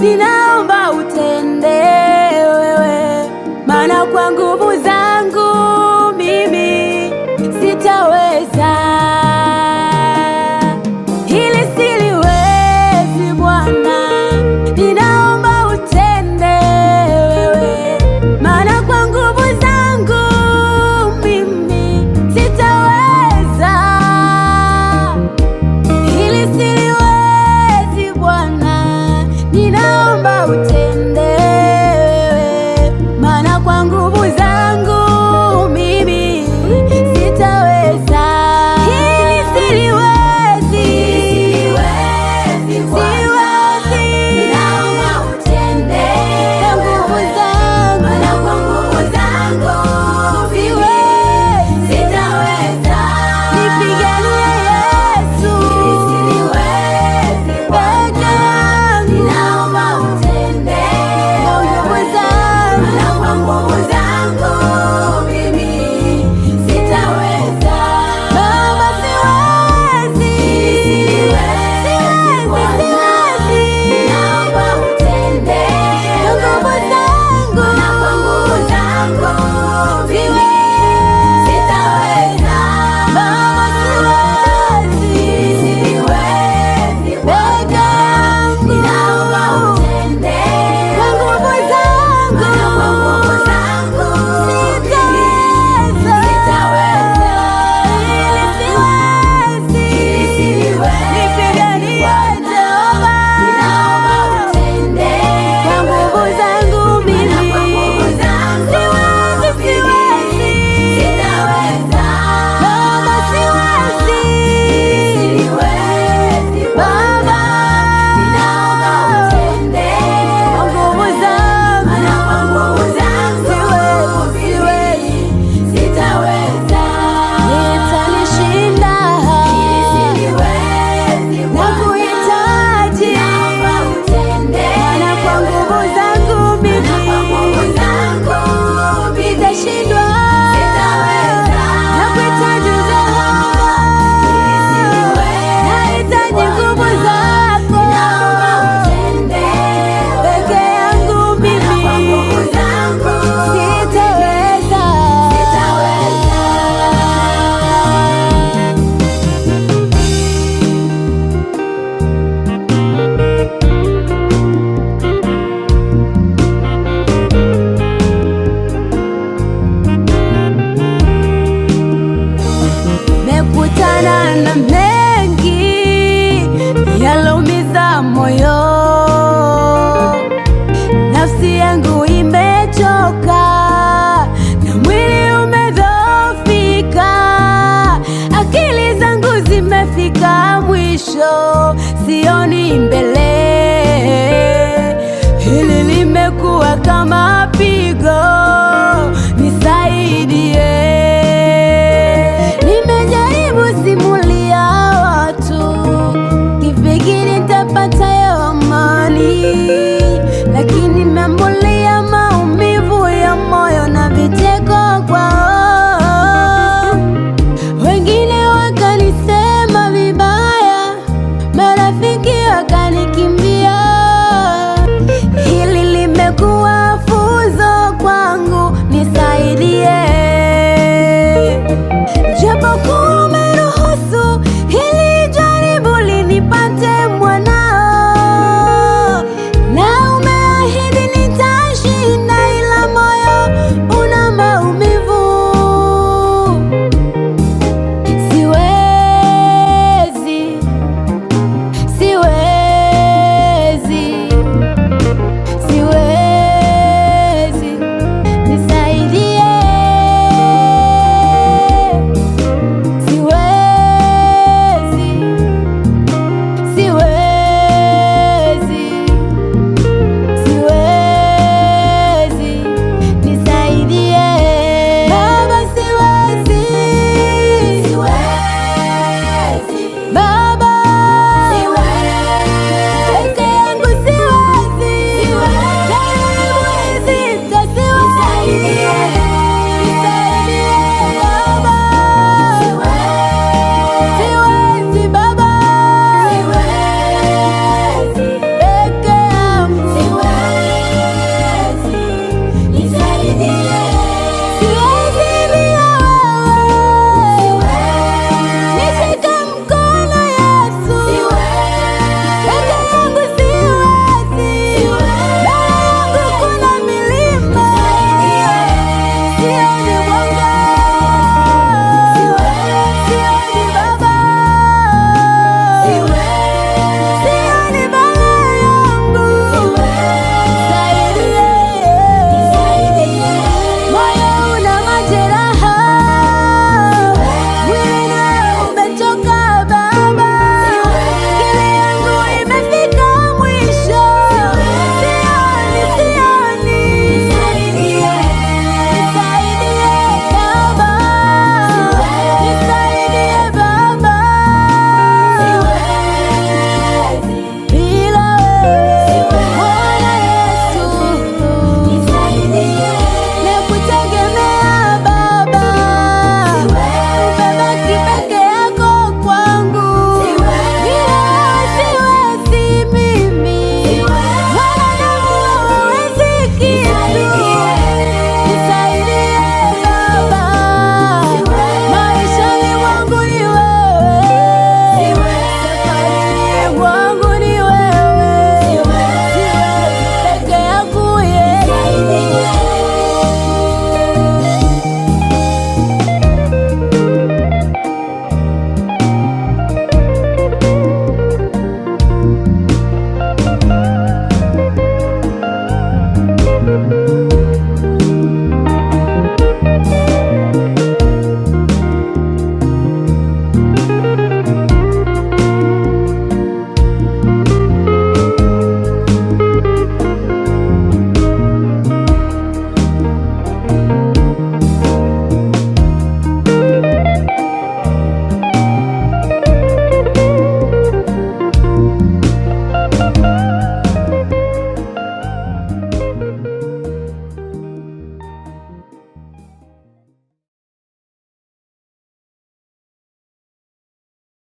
ninaomba utende wewe, maana kwa nguvu down, but we